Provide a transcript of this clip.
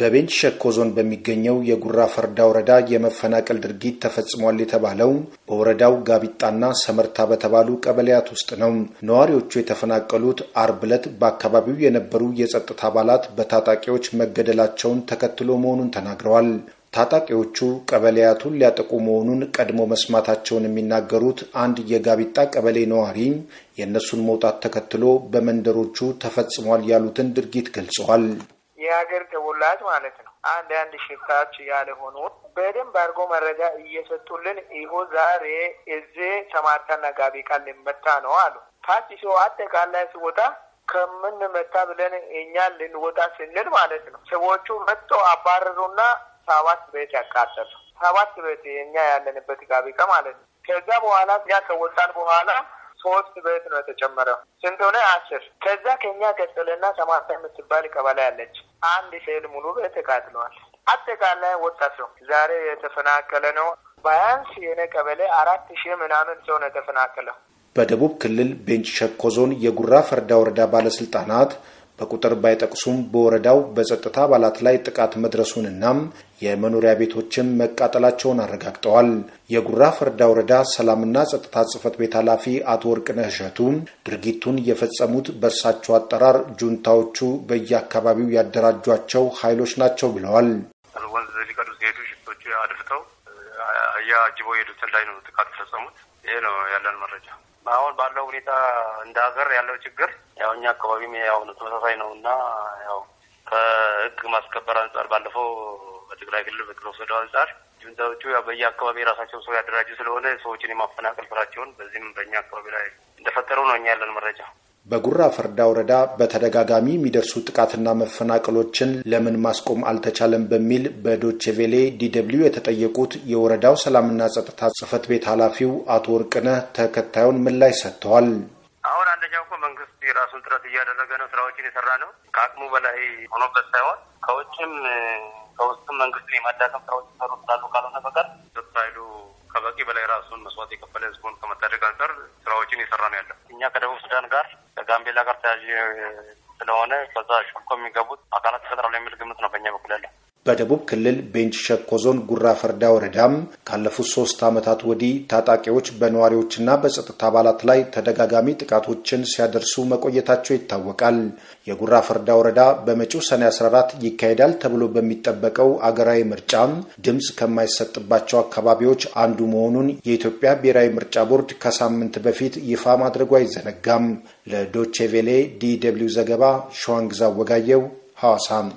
በቤንች ሸኮ ዞን በሚገኘው የጉራ ፈርዳ ወረዳ የመፈናቀል ድርጊት ተፈጽሟል የተባለው በወረዳው ጋቢጣና ሰመርታ በተባሉ ቀበሌያት ውስጥ ነው። ነዋሪዎቹ የተፈናቀሉት አርብ ዕለት በአካባቢው የነበሩ የጸጥታ አባላት በታጣቂዎች መገደላቸውን ተከትሎ መሆኑን ተናግረዋል። ታጣቂዎቹ ቀበሌያቱን ሊያጠቁ መሆኑን ቀድሞ መስማታቸውን የሚናገሩት አንድ የጋቢጣ ቀበሌ ነዋሪ የእነሱን መውጣት ተከትሎ በመንደሮቹ ተፈጽሟል ያሉትን ድርጊት ገልጸዋል። የሀገር ተወላጅ ማለት ነው። አንድ አንድ ሽፍታች ያለ ሆኖ በደንብ አድርጎ መረጃ እየሰጡልን ይሆ ዛሬ እዚህ ሰማርታና ጋቢ ቃል ልመታ ነው አሉ። ታች አጠቃላይ ስወጣ ከምንመታ ብለን እኛ ልንወጣ ስንል ማለት ነው ሰዎቹ መጥቶ አባረሩና ሰባት ቤት ያቃጠሉ ሰባት ቤት እኛ ያለንበት ጋቢቃ ማለት ነው። ከዛ በኋላ እኛ ከወጣን በኋላ ሶስት ቤት ነው የተጨመረው። ስንት ሆነ? አስር። ከዛ ከኛ ቀጥልና ሰማርታ የምትባል ቀበሌ ያለች አንድ ሴል ሙሉ ቤት ተቃጥለዋል። አጠቃላይ ወጣት ነው ዛሬ የተፈናቀለ ነው። ባያንስ የነ ቀበሌ አራት ሺህ ምናምን ሰው ነው የተፈናቀለው። በደቡብ ክልል ቤንች ሸኮ ዞን የጉራ ፈርዳ ወረዳ ባለስልጣናት በቁጥር ባይጠቅሱም በወረዳው በጸጥታ አባላት ላይ ጥቃት መድረሱንናም የመኖሪያ ቤቶችን መቃጠላቸውን አረጋግጠዋል። የጉራ ፈርዳ ወረዳ ሰላምና ጸጥታ ጽሕፈት ቤት ኃላፊ አቶ ወርቅነህ እሸቱ ድርጊቱን የፈጸሙት በእርሳቸው አጠራር ጁንታዎቹ በየአካባቢው ያደራጇቸው ኃይሎች ናቸው ብለዋል። አህያ አጅቦ የሄዱትን ላይ ነው ጥቃት የፈጸሙት። ይሄ ነው ያለን መረጃ። አሁን ባለው ሁኔታ እንደ ሀገር ያለው ችግር ያው እኛ አካባቢም ያው ተመሳሳይ ነው እና ያው ከህግ ማስከበር አንጻር ባለፈው በትግራይ ክልል በግል ወሰደው አንጻር ጁንታዎቹ በየአካባቢ የራሳቸውን ሰው ያደራጁ ስለሆነ ሰዎችን የማፈናቀል ስራቸውን በዚህም በእኛ አካባቢ ላይ እንደፈጠረው ነው እኛ ያለን መረጃ። በጉራ ፈርዳ ወረዳ በተደጋጋሚ የሚደርሱ ጥቃትና መፈናቀሎችን ለምን ማስቆም አልተቻለም በሚል በዶቼቬሌ ዲደብሊው የተጠየቁት የወረዳው ሰላምና ጸጥታ ጽህፈት ቤት ኃላፊው አቶ ወርቅነህ ተከታዩን ምላሽ ሰጥተዋል። አሁን አንደኛው እኮ መንግስት የራሱን ጥረት እያደረገ ነው፣ ስራዎችን የሰራ ነው። ከአቅሙ በላይ ሆኖበት ሳይሆን ከውጭም ከውስጥም መንግስትን የማዳከም ስራዎች ሰሩ ስላሉ ካልሆነ በቀር ስታይሉ ከበቂ በላይ ራሱን መስዋዕት የከፈለ ህዝቡን ከመታደግ አንጻር ስራዎችን የሰራ ነው ያለው። እኛ ከደቡብ ሱዳን ጋር ከጋምቤላ ጋር ተያያዥ ስለሆነ በዛ ሸኮ የሚገቡት አካላት ይፈጥራሉ የሚል ግምት ነው በእኛ በኩል ያለው። በደቡብ ክልል ቤንች ሸኮ ዞን ጉራ ፈርዳ ወረዳም ካለፉት ሶስት ዓመታት ወዲህ ታጣቂዎች በነዋሪዎችና በጸጥታ አባላት ላይ ተደጋጋሚ ጥቃቶችን ሲያደርሱ መቆየታቸው ይታወቃል። የጉራ ፈርዳ ወረዳ በመጪው ሰኔ 14 ይካሄዳል ተብሎ በሚጠበቀው አገራዊ ምርጫም ድምፅ ከማይሰጥባቸው አካባቢዎች አንዱ መሆኑን የኢትዮጵያ ብሔራዊ ምርጫ ቦርድ ከሳምንት በፊት ይፋ ማድረጉ አይዘነጋም። ለዶቼ ቬሌ ዲ ደብልዩ ዘገባ ሸዋንግዛ ወጋየው ሐዋሳም